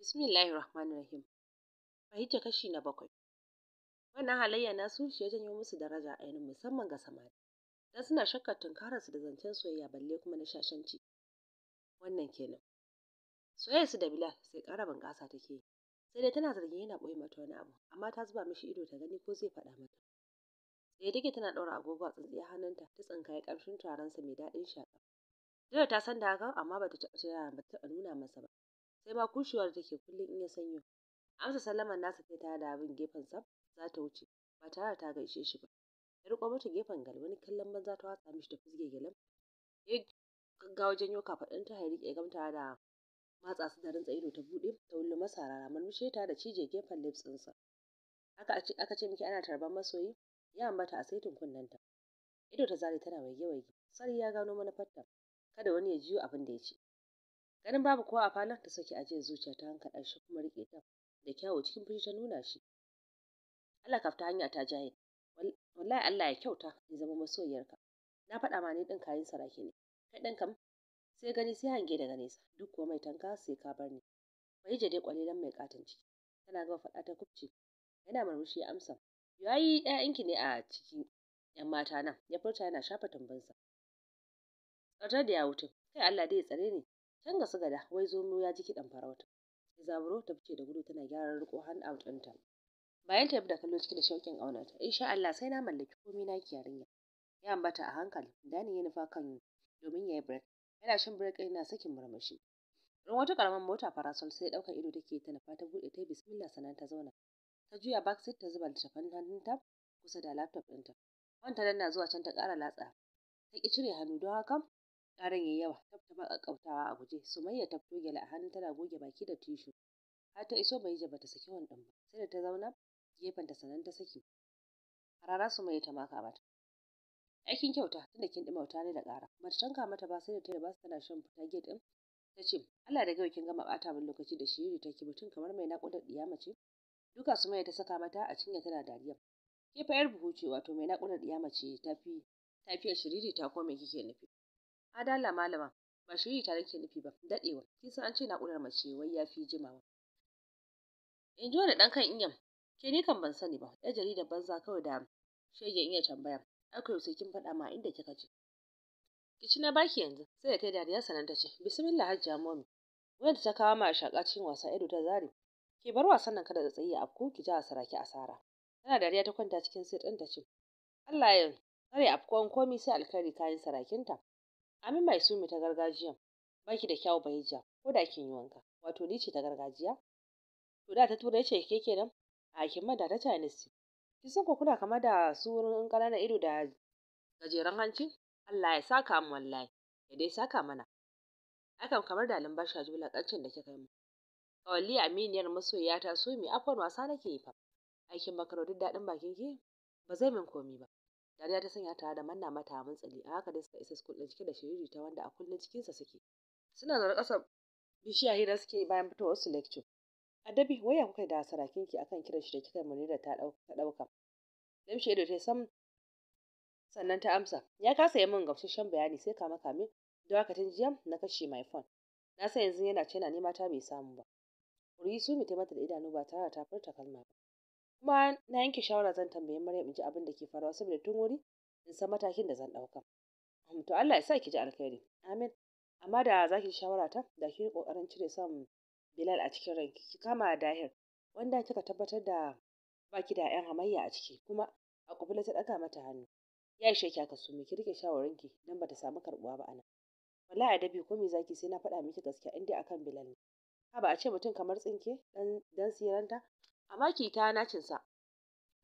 Bismillahir Rahmanir Rahim. Fahimta kashi na bakwai. Wannan halayya sun shi ya janyo musu daraja a ainihin musamman ga samari. Dan suna shakkar tunkarar su da zancen soyayya balle kuma na shashanci. Wannan kenan. Soyayya su da Bilal sai ƙara bunƙasa take yi. Sai dai tana zargin yana ɓoye mata wani abu, amma ta zuba mishi ido ta gani ko zai faɗa mata. Sai take tana ɗaura agogo a tsintsiya hannunta ta tsinkaye ƙarfin turaren sa mai daɗin shaƙa. Dole ta san da hakan amma bata taɓa nuna masa ba. sai ma kushewar take kullum in ya sanyo amsa Salaman nasa ta da abin gefen sab za ta wuce ba tare ta gaishe shi ba ya riko mata gefen gal wani kallon banza ta watsa mishi ta fizge gelen ya gaggawa janyo kafaɗin ta ya rike gamta da matsa su da rantsa ido ta buɗe ta wulli masa rara murmushe ta da cije gefen lips ce aka ce miki ana tarban masoyi ya ambata a saitin kunnen-ta. ido ta zare tana waige waige sari ya gano manufarta kada wani ya jiyo abin da ya ce ganin babu kowa a falon ta saki ajiyar zuciya ta hankaɗa shi kuma riƙe ta da kyawu cikin fushi ta nuna shi Allah kafta hanya ta jaye wallahi Allah ya kyauta ya zama masoyiyarka na faɗa ma ni ɗin kayan sarake ne kai ɗin kam sai gani sai hange daga nesa duk kuwa mai tanka sai ka bar ni bai jade kwalilan mai katon ciki tana gaba faɗa ta kubce yana murmushi ya amsa yayi ɗayanki ne a ciki yan mata nan ya furta yana shafa tambansa tsartar da ya wuce kai Allah dai ya tsare ni Can ga gada wai zomo ya ji kiɗan farauta. Sai zaburo ta fice da gudu tana gyara riko hand out ɗinta. Bayan ta da kallo ciki da shauƙin ƙaunarta. Insha Allah sai na mallaki komai na ki yarinya. Ya ambata a hankali. Dani ya nufa kan domin yayi yi break. Yana shin break yana sakin murmushi. Don wata karamar mota parasol sai ɗaukar ido take ta nufa ta buɗe ta bismillah sannan ta zauna. Ta juya back seat ta zuba littattafan hannunta kusa da laptop ɗinta. Wanta na zuwa can ta ƙara latsa. Ta ƙi cire hannu don haka Ƙarin yayi yawa, tab ta ƙaƙƙautawa a guje, Sumayya ta fito gyale a hannu tana goge baki da tishu. Har ta iso Bahija bata saki wandon ba, sai da ta zauna gefen ta sannan ta saki. Harara Sumayya ta maka mata. Aikin kyauta tunda kin ɗima ne da ƙara. Mata tanka mata ba sai da ta ba tana shan fita gate din. Ta ce, Allah da gawa kin gama ɓata min lokaci da shiri take mutum kamar mai naƙudar ɗiya mace. Duka Sumayya ta saka mata a cinye tana dariya. Ke fa 'yar buhu ce wato mai naƙudar ɗiya mace ta fi tafiyar shiriri ta kome kike nufi Adala malama, ba shiriri ta nake nufi ba, daɗewa. Kin san an ce naƙurar mace wai ya fi jimawa. In ji wani ɗan kan inyam, ke ni kan ban sani ba, ɗan jarida banza kawai da shege iya tambaya. Akwai sai kin faɗa ma inda kika je. Ki ci na baki yanzu, sai da ta dariya sanan ta ce, Bismillah hajjiya wani da ta kawo ma shaƙa cikin wasa ido ta Zari. Ke bar wasan nan kada da tsayi a afku ki ja a ki asara. Tana dariya ta kwanta cikin sai ɗin ta ce, Allah ya kare afkuwan komi sai alkhairi kayan sarakinta. Amin mai sumi ta gargajiyan baki da kyawu ja ko da kin yi wanka wato ni ce ta gargajiya to da ta tura ce ke kenan a kin mada ta Chinese kin san ko kuna kama da su wurin ƙananan ido da gajeren hanci Allah ya saka mu wallahi ya dai saka mana akan kamar da lumbashi a jula kancin da kika yi mu kawalli aminiyar masoyiya ta sumi wasa nake yi fa aikin makaro duk daɗin bakin ki ba zai min komi ba Dariya ta sanya tare da manna mata abin tsali a haka dai suka isa school ɗin cike da shiriri ta wanda a cikin cikinsa suke. Suna da ƙasa bishiya hira suke bayan fitowar su lecture. Adabi waya kuka da sarakin ki akan kiran shi da kika da ta ɗauka. Lamshe da ta sam sannan ta amsa ya kasa yi min gamsasshen bayani sai kama kame da haka tun jiya na kashe my phone. Na san yanzu yana ce yana nema ta bai samu ba. Kuri su mata da idanu ba tare da ta furta kalma ba. kuma na yanke shawara zan tambayi Maryam in ji abin da ke faruwa saboda tun wuri in san matakin da zan ɗauka. Uhm, to Allah ya sa ki ji alkhairi. Amin. Amma da za ki shawara ta da ki yi ƙoƙarin cire son Bilal a cikin ranki ki kama Dahir wanda kika tabbatar da baki da ƴan hamayya a ciki kuma a kubula ta ɗaga mata hannu. Ya ishe ki aka su ki rike shawarinki don ta samu karɓuwa ba anan. Wallahi dabi ko me zaki sai na faɗa miki gaskiya in dai akan Bilal ne. Haba a ce mutum kamar tsinke dan dan siranta amma ki ta nacin sa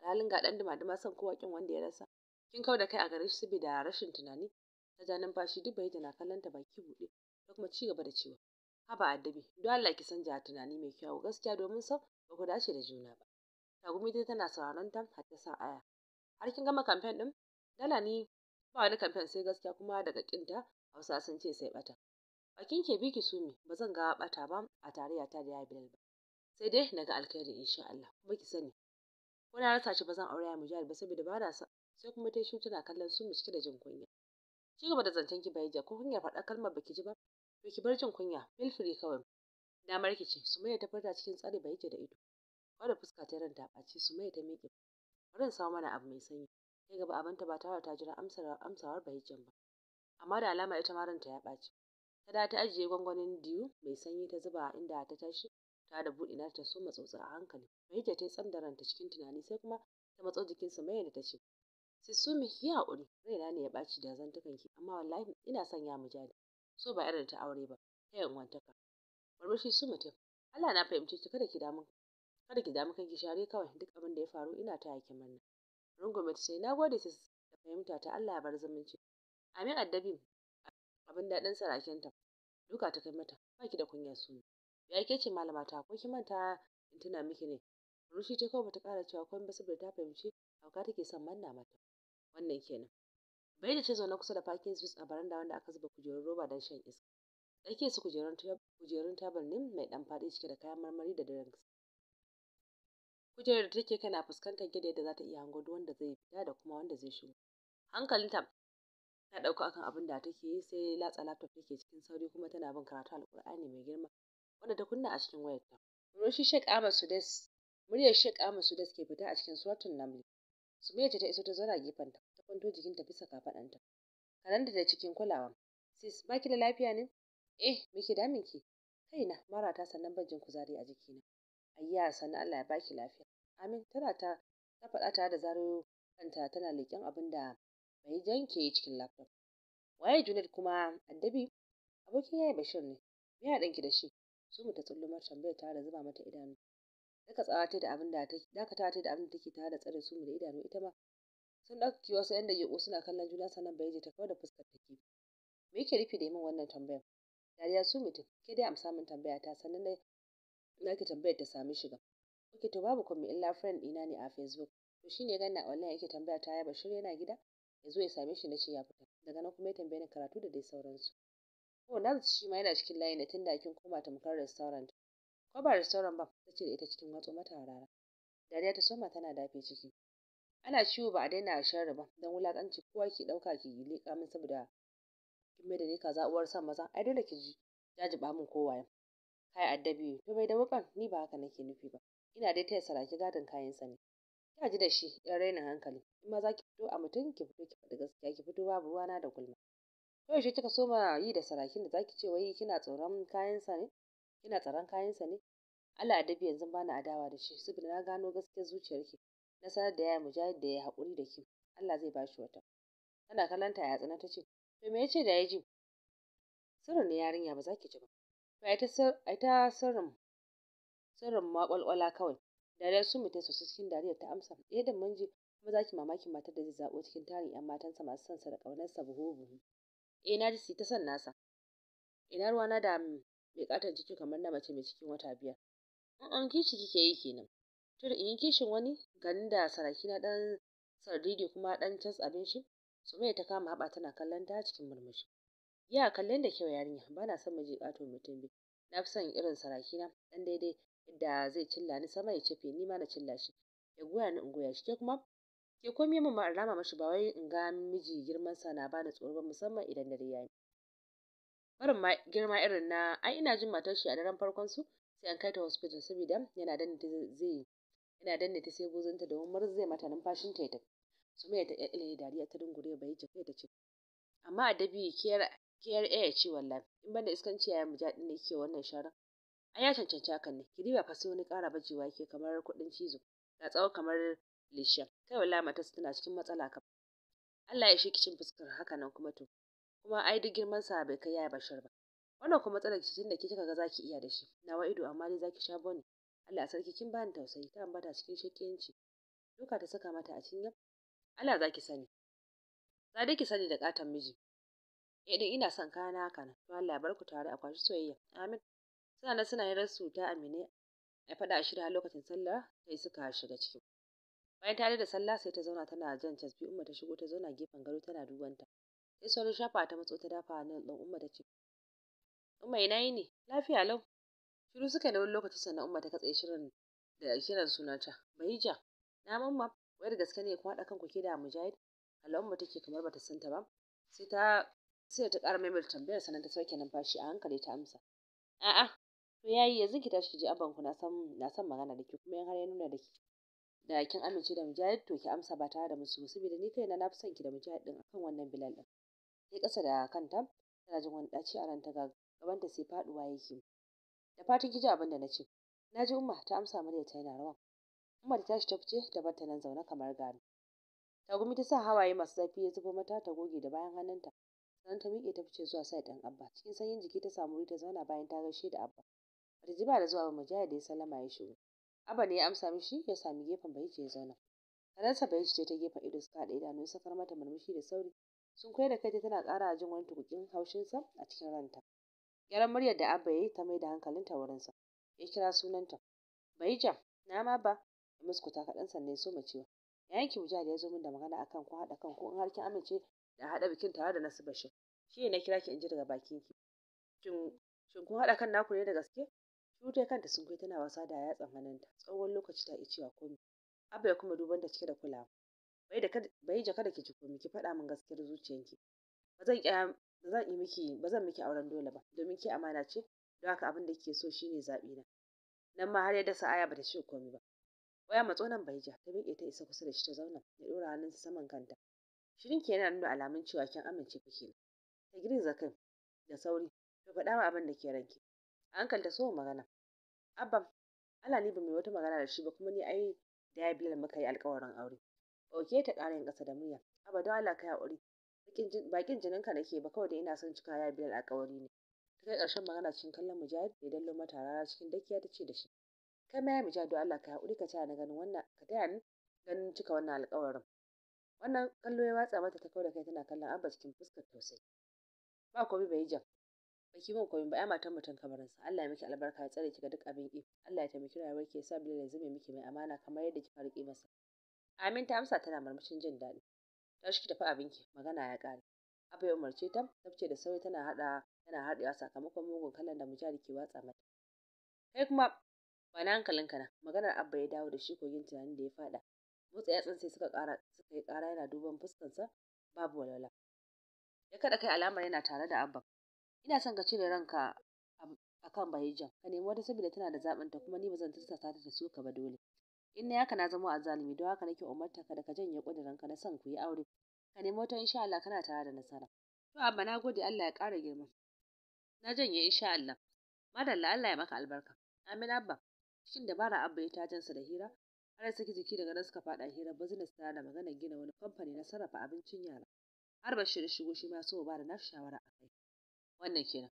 halin ga dan dima san kowa kin wanda ya rasa kin kau da kai a gare shi saboda rashin tunani ta ja numfashi duk bai na kallon ta baki buɗe ta kuma ci gaba da cewa haba addabi don Allah ki san ja tunani mai kyau gaskiya domin sau ba ku dace da juna ba tagumi dai tana sauraron ta har ta sa aya har kin gama kamfen din dala ni ba wani kamfen sai gaskiya kuma daga kinta hausa sun ce sai bata bakin ke biki su ne ba zan ga bata ba a tarayya ta da ya bilal ba sai dai naga alkhairi insha Allah kuma ki sani ko na rasa shi ba zan aure mu ba saboda ba na sa sai kuma ta shi tana kallon su mu cike da jin kunya Ki gaba da zancen ki bai ko ko kunya faɗa kalmar baki ji ba to ki bar jin kunya feel free kawai damar ki ce Su mai ta furta cikin tsari bai da ido da fuska ta ranta su mai ta miƙe bari samu mana abu mai sanyi Sai gaba abanta ba tare ta jira amsar amsawar bahijjan ba amma da alama ita ma ranta ya ɓaci ta da ta ajiye gwangwanin diyu mai sanyi ta zuba inda ta tashi ta da buɗe ta soma tsotsa a hankali Mahita ta yi tsam da ranta cikin tunani sai kuma ta matso jikinsa mai da ta ce Sisumi ya haƙuri na ne ya ɓaci da zantukan ki amma wallahi ina son ya mu jadi so ba da ta aure ba ta yan wantaka shi su mutum Allah na fahimci ki kada ki damu kada ki damu kanki share kawai duk abin da ya faru ina ta yake manna Rungume ta ce na gode sis da fahimta ta Allah ya bar zumunci Amin addabi abin daɗin sarakinta duka ta kai mata ba ki da kunya suna. ya ke ce malama ta ko ki manta in tuna miki ne rushi ta kawai bata kara cewa ko ba saboda ta fahimci hauka take son manna mata wannan kenan bai da ce zaune kusa da parking space a baranda wanda aka zuba kujerun roba don shan iska ke su kujerun tabarnin mai dan faɗi cike da kayan marmari da drinks kujerar da take kana fuskantar gida yadda za ta iya hango duk wanda zai fita da kuma wanda zai shigo hankalinta ta ɗauka akan abin da take yi sai latsa laptop take cikin sauri kuma tana bin karatu alƙur'ani mai girma wanda ta kunna a cikin wayarta. Murmushi Sheikh Ahmad Sudes muryar Sheikh Ahmad Sudes ke fita a cikin suratun Namli. Sumayya ta iso ta zauna gefenta ta kwanto jikinta bisa kafaɗanta. Karanta da cikin kulawa. Sis ba ki da lafiya ne? Eh me ke damin ki? na, mara ta sannan ban kuzari a jikina. Ayya sannan Allah ya baki lafiya. Amin tana ta ta faɗa tare da zaro kanta tana leƙen abin da bai janke cikin laptop. Waye Junaid kuma Addabi? Abokin yayi Bashir ne. Me ya danki da shi? Sumi ta mata tambayar tare da zuba mata idanu. Daka tsawatai da abin da take ta da abin da take tare da tsare Sumi da idanu ita ma. Sun ɗauki wasu inda yake suna kallon juna sannan Bayeje ta kawar da fuskar ta Me yake rufe da yi wannan tambayar? Dariya Sumi ta ke dai amsa min tambaya ta sannan na ke tambayar ta sami shiga. Oke to babu komai illa friend ina ne a Facebook. To shine ya ganna online yake tambaya ta ya Bashir yana gida? Ya ya same shi na ce ya fita. Daga nan kuma ya tambaye ni karatu da dai sauransu. Oh, Naz shi ma yana cikin layin da tunda kin koma tamkar restaurant. Ko ba restaurant ba, ta ce da ita cikin matso mata rara. Dariya ta soma tana dafe ciki. Ana ciwo ba a daina sharri ba, don wulakanci kowa ke ɗauka ki leƙa min saboda kin mai da ni kaza uwar san maza, ai dole ki ji jajiba min kowaye. Kai addabi, to bai da wukan ni ba haka nake nufi ba. Ina dai taya saraki gadin kayan sa ne. Kya ji da shi, ɗan rainin hankali. In ma za ki fito a mutum ki fito ki faɗi gaskiya, ki fito babu ruwana da gulma. yaushe kika soma yi da sarakin da zaki ce wai kina tsoron sa ne kina tsaron kayansa ne Allah bi yanzu bana adawa da shi saboda na gano gaskiyar zuciyarki na sanar da yaya mujahid da ya haƙuri da ki Allah zai bashi wata tana kallanta ya tsana ta ce to me yace da yaji sirrin ne yarinya ba za ki ji ba to ai ta ai ta sirrin sirrin kwalkwala kawai dai su mutai sosai cikin dariyar ta amsa Eh, da manji kuma za ki mamakin matar da zai zabo cikin tarin 'yan matansa masu son sa da ƙaunarsa buhu buhu eh na ji su ta son nasa ina ruwa na da mai katar ciki kamar na mace mai cikin wata biyar in an kishi kike yi kenan to da in yi kishin wani ganin da saraki na dan sardidi kuma dan cas abin shi Sumayya ta kama haɓa tana kallon ta cikin murmushi. Ya kallon da kyau yarinya, ba na son miji kato mutum bi. Na fi son irin saraki na dan daidai da zai cilla ni sama ya cefe ni ma na cilla shi. Ya goya ni in goya shi ke kuma ke komai min ma in rama mashi ba wai in ga miji girman sa na bani tsoro musamman idan dare yi barin ma girma irin na ai ina jin matar shi a daren farkon su sai an kai ta hospital saboda yana danne ta zai yana danne ta sai ta domin murz zai mata numfashin ta ya tafi mai ta ya dariya ta dungure bai ji kai ta ce amma a dabi kiyar kiyar ya ce wallan in banda iskan ciya mu jaɗi ne ke wannan sharan a ya cancanci hakan ne ki riba fa sai wani ƙara bajewa ke kamar kuɗin cizo na tsawo kamar lishiyan kai wallahi matarsa tana cikin matsala kam Allah ya shiki cin fuskar haka nan kuma to kuma ai duk girman sa bai kai yaya bashir ba wannan kuma matsalar ki tunda ki kika ga zaki iya da shi nawa ido amma dai zaki sha bone Allah sarki kin bani tausayi ta ambata cikin shakiyanci duka ta saka mata a cinya Allah zaki sani za dai ki sani da katan miji eh idan ina son kana haka nan to Allah ya bar tare a kwashi soyayya amin suna na suna yin rasu ta amine ya faɗa da lokacin sallah sai suka shiga ciki Bayan ta da sallah sai ta zauna tana jan casbi Umma ta shigo ta zauna gefen gado tana ta Sai sauran shafa ta matso ta dafa nan dan Umma ta ce Umma ina ne. Lafiya lau. Shiru suka na wani lokaci sannan Umma ta katse shirin da kiran sunanta. Bahija, na mamma wai da gaske ne ku haɗa kanku ke da Mujahid? Allah Umma take kamar bata san ta ba. Sai ta sai ta ƙara maimaita tambayar sannan ta sauke numfashi a hankali ta amsa. A'a, to yayi yanzu ki tashi ki je abanku na san na san magana da ke kuma 'yan har ya nuna da ke. da kin amince da mujahid to ki amsa ba tare da musu saboda ni kaina na fi son ki da mujahid din akan wannan bilal din sai kasa da kanta tana jin wani ɗaci a ranta ga gabanta sai faɗuwa yake da fatan ki ji abin da na ce na ji umma ta amsa mu ta yana rawan umma ta tashi ta fice da bar nan zaune kamar gari gumi ta sa hawaye masu zafi ya zubo mata ta goge da bayan hannunta sannan ta miƙe ta fice zuwa sai dan abba cikin sanyin jiki ta samu wuri ta zauna bayan ta gaishe da abba bata ji ba da zuwa ba da ya sallama ya shigo Abba ne ya amsa mishi ya sami gefen Bahij ya zauna. Kanarsa bayici ce ta gefen ido suka haɗa idanu sakar mata murmushi da sauri. Sun kai da kai tana ƙara jin wani tukukin haushinsa a cikin ranta. Gyaran muryar da Abba ya yi ta mai da hankalinta wurinsa. Ya kira sunanta. Bai na ma ba. Ya muskuta kaɗan sannan ya mace. cewa. Yayin ki da ya zo min da magana akan ku haɗa ko in har kin amince da haɗa bikin tare da Nasu Bashir. Shi ne na kira ki in ji daga bakin ki. Shin kun haɗa kan naku ne da gaske? dai kanta sun kai tana wasa da yatsan hannunta tsawon lokaci ta ƙi cewa komai. Abba ya kuma duban da cike da kulawa. Bai jaka da ki ji komai ki faɗa min gaskiyar zuciyanki. Ba zan ƙya ba zan yi miki ba zan miki auren dole ba domin ki amana ce don haka abin da kike so shine zaɓi na. Nan ma har ya dasa aya bata ce komai ba. Waya matso nan bai ja ta miƙe ta isa kusa da shi ta zauna ya ɗora hannunsa saman kanta. Shirin ki yana nuna alamun cewa kin amince kake. Ta girgiza kai da sauri ta faɗa min abin da ke ranki. A hankalta so magana Abban, Allah ni ba mai wata magana da shi ba kuma ni ai da ya bilal muka yi alƙawarin aure. Ɗauke ta ƙarin ƙasa da murya. Abba don Allah ka haƙuri. Bakin jininka nake ba kawai da ina son cika ya bilal alƙawari ne. Ta kai ƙarshen magana cikin kallon Mujahid da ya dallo mata rara cikin dakiya ta ce da shi. Kai ma ya Mujahid don Allah ka aure ka taya ni ganin wannan ka taya ni ganin cika wannan alƙawarin. Wannan kallo ya watsa mata ta kawai da kai tana kallon Abba cikin fuskar tausayi. Ba komai bai yi jan. baki min komai ba ai matan mutum kamar sa Allah ya miki albarka ya tsare ki ga duk abin ki Allah ya taimaki rayuwar ki yasa sa bilal ya miki mai amana kamar yadda kika rike masa Amin ta amsa tana murmushin jin daɗi Ta ki tafi abin ki magana ya kare Abba ya umarce ta tafce da sauri tana hada tana sakamakon mugun kallon da mujari ke watsa mata kai kuma ba na ka na maganar Abba ya dawo da shi kogin tunanin da ya faɗa motsa yatsun sai suka kara suka yi kara yana duban fuskansa babu walala. ya kaɗa kai alamar yana tare da Abba ina son ka cire ranka a kan bahijan ka nemi wata saboda tana da zaɓinta kuma ni ba zan tursasa ta su ka ba dole in na haka na zama zalumi, don haka nake umarta ka da ka janye ƙudurin ka na son ku yi aure ka nemi wata insha Allah kana tare da nasara to abba na gode Allah ya ƙara girma na janye insha Allah madalla Allah ya maka albarka amin abba cikin dabara abba ya jansa da hira har saki jiki daga nan suka faɗa hira business ta da maganar gina wani kamfani na sarrafa abincin yara har bashir shigo shi ma so ba da na shawara wannan kenan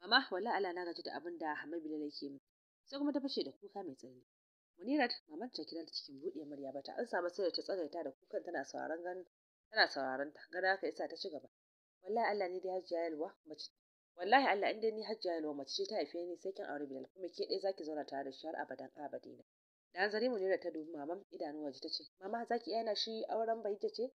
mama wallahi Allah na gaji da abin da Hamad Bilal yake min sai kuma ta fashe da kuka mai tsanani Munirat mamar ta kira ta cikin buɗe murya ba ta ansa masa sai ta tsagaita da kukan tana sauraron gan tana sauraron ta ka isa ta ci gaba wallahi Allah ne da Hajiya Yalwa mace wallahi Allah dai ni Hajiya Yalwa mace ce ta haife ni sai kin aure Bilal kuma ke ɗaya zaki zauna tare da shi har abadan abadina da hanzari munira ta dubi mamam idanu waje ta ce mama zaki yana shi auren bahijja ce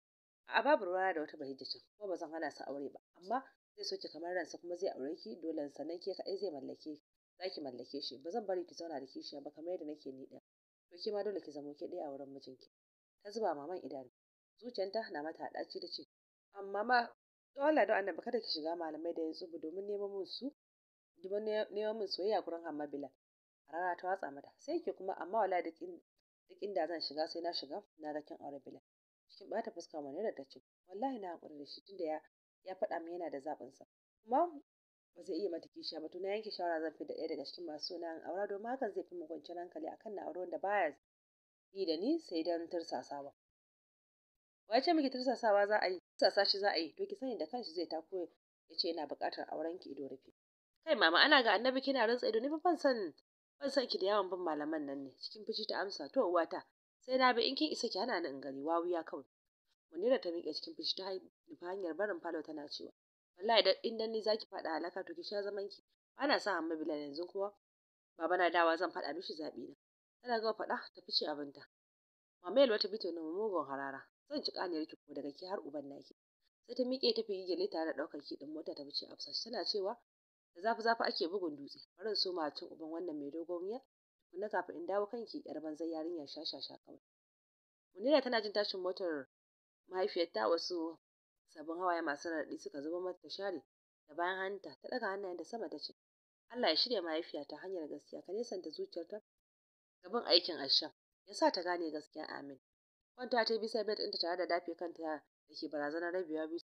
a babu ruwa da wata bahijja ce kuma ba zan hana su aure ba amma zai soke kamar ransa kuma zai aure ki dole sannan ke kaɗai zai mallake za ki mallake shi ba zan bari ki zauna da kishiya ba kamar yadda nake ni ɗin to ke ma dole ki zamo ke ɗaya a wurin mijinki ta zuba maman idanu Zuciyanta na mata haɗaci ta ce amma ma dole da annabi kada ki shiga malamai da yanzu ba domin neman min su domin neman min soyayya gurin hamma bila rana ta watsa mata sai ke kuma amma wala da duk inda zan shiga sai na shiga na ga kin aure bila cikin bata fuska wani da ta ce wallahi na hakuri da shi tunda ya ya faɗa min yana da sa kuma ba zai iya mata kishiya ba to yanke shawara zan fi da ɗaya daga cikin masu suna aura domin hakan zai fi min hankali akan na aure wanda baya yi da ni sai dan tursasawa wai ce miki tursasawa za a yi tursasa shi za a yi to ki sani da kanshi zai tako ya ce yana buƙatar auren ki ido rufe kai mama ana ga annabi kina rantsa ido ni fa ban san ban san ki da yawan bin malaman nan ne cikin fushi ta amsa to uwata sai na bi in kin isa ki hana ni in gani ya kawai munira ta miƙe cikin fushi ta nufa hanyar barin falo tana cewa wallahi idan in dan ni zaki faɗa alaka to ki sha zaman ki bana sa amma bilal yanzu kuwa baba na dawa zan faɗa mishi zabi na tana gama faɗa ta fice abinta mamayel wata bito na mugun harara zan ci ƙaniyar ki ko daga ki har uban naki sai ta miƙe ta fi gele tare da ɗaukar ki ɗin mota ta fice afsas tana cewa da zafi zafi ake bugun dutse bari in so ma cin uban wannan mai dogon wuya tukunna kafin in dawo kanki yar banzan yarinya sha kawai munira tana jin tashin motar Mahaifiyarta a wasu sabbin hawaye masu raɗaɗi suka zubo mata ta share da bayan hanta ta ɗaga hannayenta sama ta ce Allah ya shirya ta hanyar gaskiya ka nesanta zuciyarta gaban aikin asham ya sa ta gane gaskiya amin kwanta ta bi bisa bed ɗinta tare da dafe kanta da ke barazanar rabewa biyu